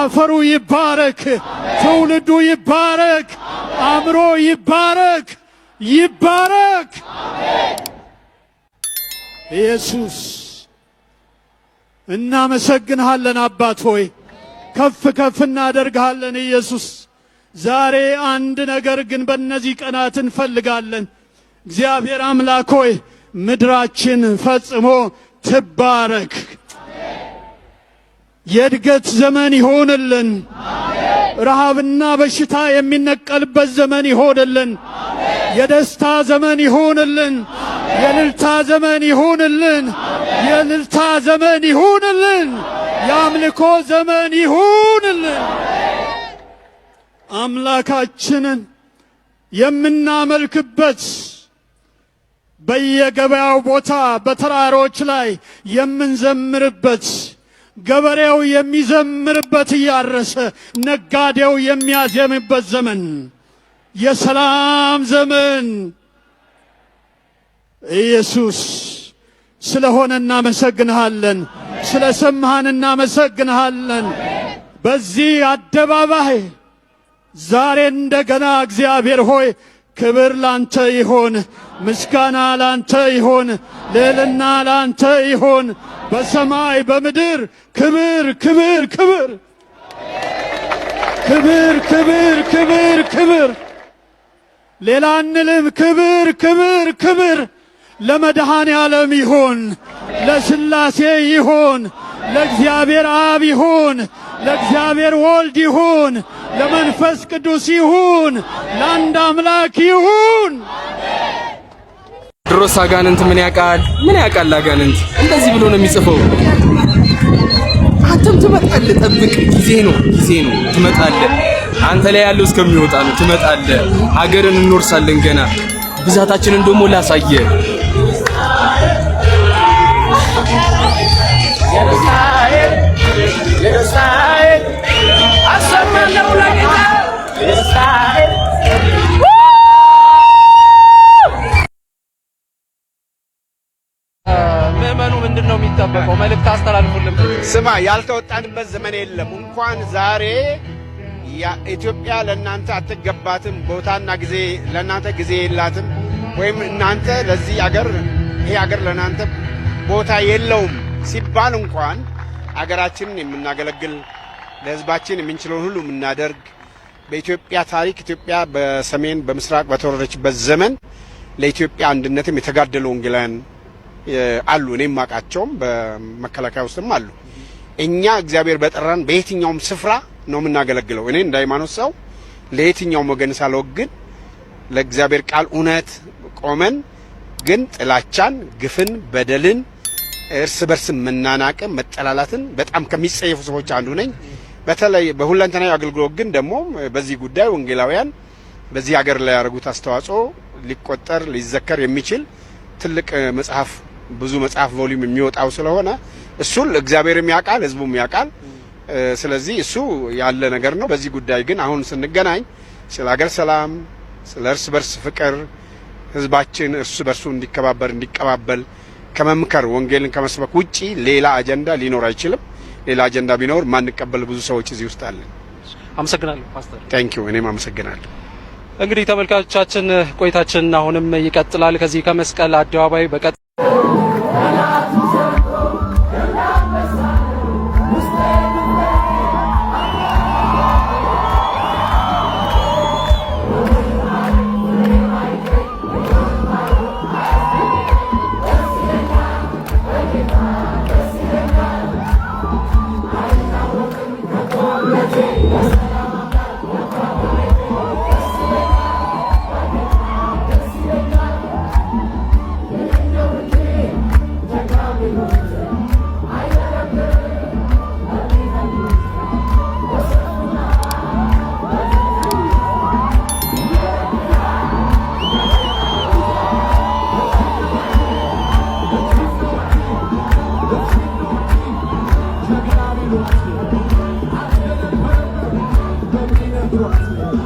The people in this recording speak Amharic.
አፈሩ ይባረክ፣ ትውልዱ ይባረክ፣ አእምሮ ይባረክ፣ ይባረክ። ኢየሱስ እናመሰግንሃለን። አባት ሆይ ከፍ ከፍ እናደርግሃለን። ኢየሱስ ዛሬ አንድ ነገር ግን በእነዚህ ቀናት እንፈልጋለን። እግዚአብሔር አምላክ ሆይ ምድራችን ፈጽሞ ትባረክ። የእድገት ዘመን ይሆንልን። ረሃብና በሽታ የሚነቀልበት ዘመን ይሆንልን። የደስታ ዘመን ይሆንልን። የልልታ ዘመን ይሆንልን። የልልታ ዘመን ይሆንልን። የአምልኮ ዘመን ይሆንልን። አምላካችንን የምናመልክበት በየገበያው ቦታ በተራሮች ላይ የምንዘምርበት ገበሬው የሚዘምርበት እያረሰ ነጋዴው የሚያዘምበት ዘመን፣ የሰላም ዘመን። ኢየሱስ ስለሆነ እናመሰግንሃለን፣ ስለ ሰማሃን እናመሰግንሃለን። በዚህ አደባባይ ዛሬ እንደገና እግዚአብሔር ሆይ ክብር ላንተ ይሆን፣ ምስጋና ላንተ ይሆን፣ ልዕልና ላንተ ይሆን። በሰማይ በምድር ክብር ክብር ክብር ክብር ክብር ክብር ክብር ሌላ ክብር ክብር ክብር ለመድኃኔ ዓለም ይሆን፣ ለስላሴ ይሆን፣ ለእግዚአብሔር አብ ይሆን፣ ለእግዚአብሔር ወልድ ይሆን ለመንፈስ ቅዱስ ይሁን፣ ለአንድ አምላክ ይሁን። ድሮስ አጋንንት ምን ያውቃል? ምን ያውቃል? አጋንንት እንደዚህ ብሎ ነው የሚጽፈው። አንተም ትመጣለህ፣ ጠብቅ። ጊዜ ነው፣ ጊዜ ነው። ትመጣለህ። አንተ ላይ ያለው እስከሚወጣ ነው። ትመጣለህ። ሀገርን እንወርሳለን ገና። ብዛታችንን ደግሞ ላሳየ ዘመኑ ምንድን ነው የሚጠበቀው? መልእክት አስተላልፉልን። ስማ ያልተወጣንበት ዘመን የለም። እንኳን ዛሬ ኢትዮጵያ ለእናንተ አትገባትም፣ ቦታና ጊዜ ለእናንተ ጊዜ የላትም፣ ወይም እናንተ ለዚህ አገር ይሄ አገር ለእናንተ ቦታ የለውም ሲባል እንኳን አገራችንን የምናገለግል ለህዝባችን የምንችለውን ሁሉ የምናደርግ በኢትዮጵያ ታሪክ ኢትዮጵያ በሰሜን በምስራቅ በተወረረችበት ዘመን ለኢትዮጵያ አንድነትም የተጋደሉ ወንጌላውያን አሉ። እኔም አውቃቸውም በመከላከያ ውስጥም አሉ። እኛ እግዚአብሔር በጠራን በየትኛውም ስፍራ ነው የምናገለግለው። እኔ እንደ ሃይማኖት ሰው ለየትኛውም ወገን ሳልወግን ለእግዚአብሔር ቃል እውነት ቆመን ግን ጥላቻን፣ ግፍን፣ በደልን፣ እርስ በርስ መናናቅን፣ መጠላላትን በጣም ከሚጸየፉ ሰዎች አንዱ ነኝ። በተለይ በሁለንተናዊ አገልግሎት ግን ደግሞ በዚህ ጉዳይ ወንጌላውያን በዚህ ሀገር ላይ ያደረጉት አስተዋጽኦ ሊቆጠር ሊዘከር የሚችል ትልቅ መጽሐፍ ብዙ መጽሐፍ ቮሊዩም የሚወጣው ስለሆነ እሱን እግዚአብሔርም ያውቃል፣ ህዝቡም ያውቃል። ስለዚህ እሱ ያለ ነገር ነው። በዚህ ጉዳይ ግን አሁን ስንገናኝ ስለ ሀገር ሰላም፣ ስለ እርስ በርስ ፍቅር ህዝባችን እርስ በርሱ እንዲከባበር እንዲቀባበል ከመምከር ወንጌልን ከመስበክ ውጪ ሌላ አጀንዳ ሊኖር አይችልም። ሌላ አጀንዳ ቢኖር ማንቀበል ብዙ ሰዎች እዚህ ውስጥ አለን። አመሰግናለሁ ፓስተር። ታንክ ዩ። እኔም አመሰግናለሁ። እንግዲህ ተመልካቾቻችን ቆይታችን አሁንም ይቀጥላል ከዚህ ከመስቀል አደባባይ በቀጥ Thank you.